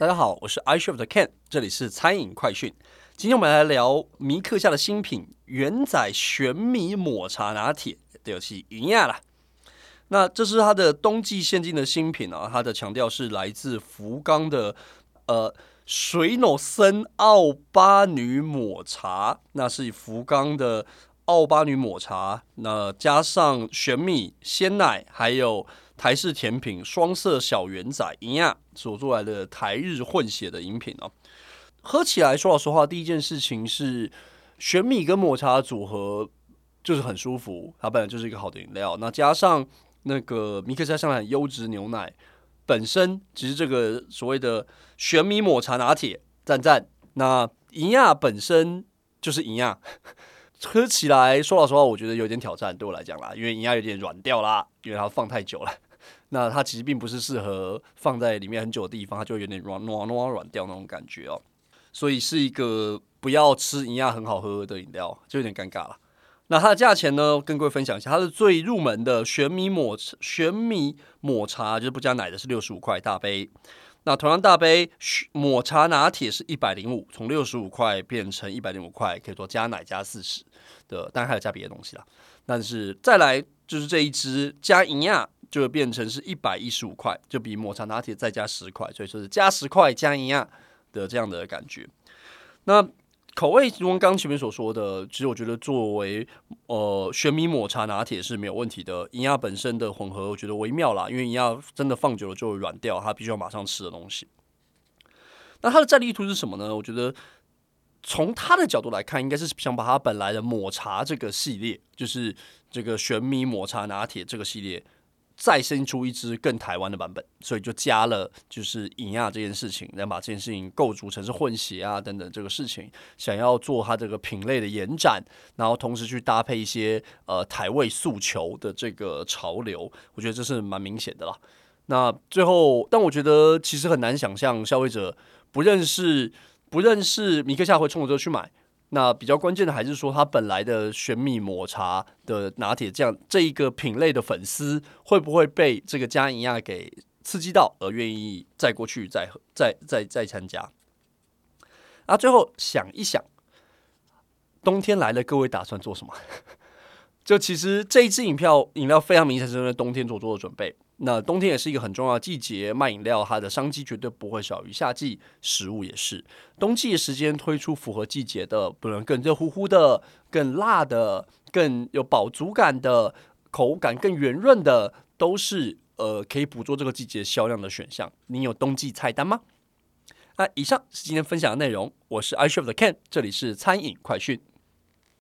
大家好，我是 iCHEF 的 Ken，這裡是餐飲快訊。今天我們來聊迷客夏的新品圓仔玄米抹茶拿鐵，對、就，是雲亞啦。那這是它的冬季限定的新品哦、啊，它的強調是來自福岡的呃水諾森奧巴女抹茶，那是以福岡的。奧巴女抹茶，那加上玄米鮮奶，還有台式甜品雙色小圓仔，一所做出來的台日混血的飲品哦。喝起來，說老實話，第一件事情是玄米跟抹茶組合就是很舒服，它本來就是一個好的飲料。那加上那個迷客夏上的優質牛奶，本身其實這個所謂的玄米抹茶拿鐵讚讚。那銀亞本身就是銀亞。喝起來，說老實話，我覺得有點挑戰，對我來講啦，因為圓仔有點軟掉啦，因為它放太久了。那它其實並不是適合放在裡面很久的地方，它就有點軟，糯軟，軟掉那種感覺哦、喔。所以是一個不要吃圓仔很好喝的飲料，就有點尷尬了。那它的價錢呢，跟各位分享一下，它是最入門的玄米抹玄米抹茶，就是不加奶的是65，是六十五塊大杯。那同樣大杯抹茶拿鐵是一百零五，從六十五塊變成一百零五塊，可以說加奶加四十的，當然還有加別的東西啦。但是再來就是這一支加圓仔，就會變成是一百一十五塊，就比抹茶拿鐵再加十塊，所以說是加十塊加圓仔的這樣的感覺。那口味如我剛前面所說的，其實我覺得作為呃玄米抹茶拿鐵是沒有問題的。圓仔本身的混合，我覺得微妙啦，因為圓仔真的放久了就會軟掉，它必須要馬上吃的東西。那它的戰略意圖是什麼呢？我覺得從他的角度來看，應該是想把他本來的抹茶這個系列，就是這個玄米抹茶拿鐵這個系列。再生出一支更台灣的版本，所以就加了就是飲亞啊這件事情，然後把這件事情構築成是混血啊等等這個事情，想要做它這個品類的延展，然後同時去搭配一些呃台味訴求的這個潮流，我覺得這是蠻明顯的啦。那最後，但我覺得其實很難想象消費者不認識不認識迷客夏會衝着這個去買。那比較關鍵的還是說，它本來的玄米抹茶的拿鐵醬這一個品類的粉絲，會不會被這個加營亞給刺激到，而願意再過去再再再再參加？那最後想一想，冬天來了，各位打算做什麼？ 就其實這一支飲料飲料非常明顯是為冬天所做，做的準備。那冬天也是一個很重要的季節，賣飲料它的商機絕對不會少於夏季。食物也是冬季的時間推出符合季節的，不能更熱乎乎的、更辣的、更有飽足感的口感、更圓潤的，都是呃可以捕捉這個季節銷量的選項。您有冬季菜單嗎？那以上是今天分享的內容，我是 iCHEF 的 Ken，這裡是餐飲快訊。